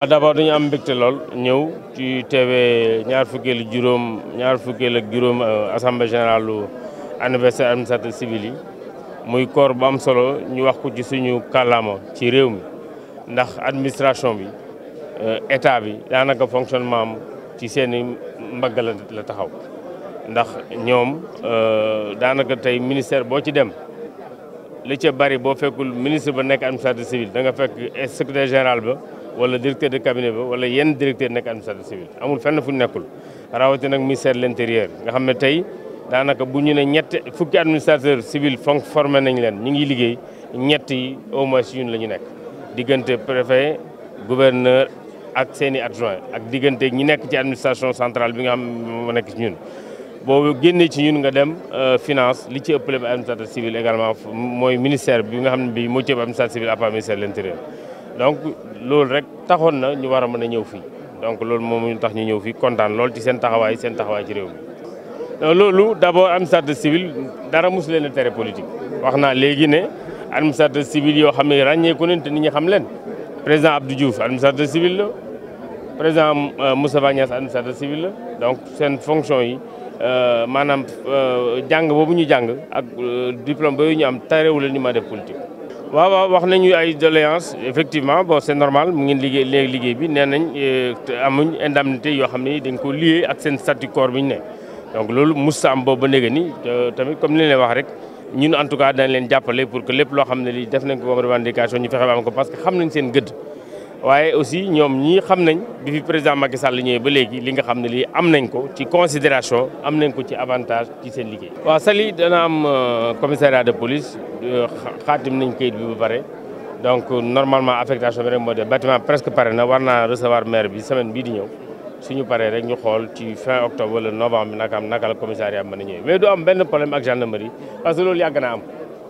Ah, d'abord dañu am mbégte lool ñëw ci teewee ñaar fukkeelu juróom ñaar fukkeel ak juróom euh, assemblée générale lu anniversaire administrateur civil yi muy corps bu am solo ñu wax ku ci suñu kàllaama ci réew mi ndax administration bi euh, état bi daanaka fonctionnement am ci seen i mbagg la taxaw ndax ñoom euh, daanaka tey ministère boo ci dem li ca bari boo fekkul ministre ba nekk administrateur civil da nga fekk secrétaire général ba wala directeur de cabinet ba wala yenn directeur nekk administrateur civil amul fenn fu ñu nekkul rawatina nag ministère de l'intérieur nga xam ne tey daanaka bu ñu ne ñett fukki administrateur civil fonk formé nañ leen ñi ngi liggéey ñett yi au moins ñun la ñu nekk diggante préfet gouverneur ak seen i adjoint ak diggante ñi nekk ci administration centrale bi nga xam moo nekk ci ñun boo génnee ci ñun nga dem euh, finance li ci ëppale ba administrateur mooy ministère bi nga xam ne moo ci ëpp administrateur civil à donc loolu rek taxoon na ñu war a mën a ñëw fii donc loolu moom ñu tax ñu ñëw fii kontaan loolu ci seen taxawaay seen taxawaay ci réew mi. loolu d' abord administrateur civil dara mosu a tere politique wax naa léegi ne administrateur civil yoo xam ne ràññeeku nañ te nit ñi xam leen président Abdou Diouf administrateur civil la président euh, Moustapha Niasse administrateur civil la donc seen fonction yi. Euh, maanaam euh, jàng boobu ñu jàng ak diplôme boobu ñu am tarewul la ñu ma def politique waaw wax nañu ay doléance effectivement bon c'est normal mu ngi liggéey léegi liggéey bi nee nañ euh, amuñ indemnité yoo xam ne dañ ko lié ak seen statut corps bi ñu ne donc loolu musta am boobu ba ni tamit comme ni wax rek ñun en tout cas dañ leen jàppale pour que lépp loo xam ne li def nañ ko comme revendication parce que xam nañ seen gëd waaye aussi ñoom ñii xam nañ bi fi président Macky Sall ñëwee ba léegi li nga xam ne lii am nañ ko ci considération am nañ ko ci avantage ci seen liggéey. waa Saly dana am euh, commissariat de police euh, xaatim nañ kayit bi ba pare donc normalement affectation bi rek moo de bâtiment presque pare na war naa recevoir maire bi semaine bii di ñëw suñu paree rek ñu xool ci fin octobre wala novembre naka am naka la commissariat mën a ñëwee mais du am benn problème a gendarmerie parce loolu yàgg naa am.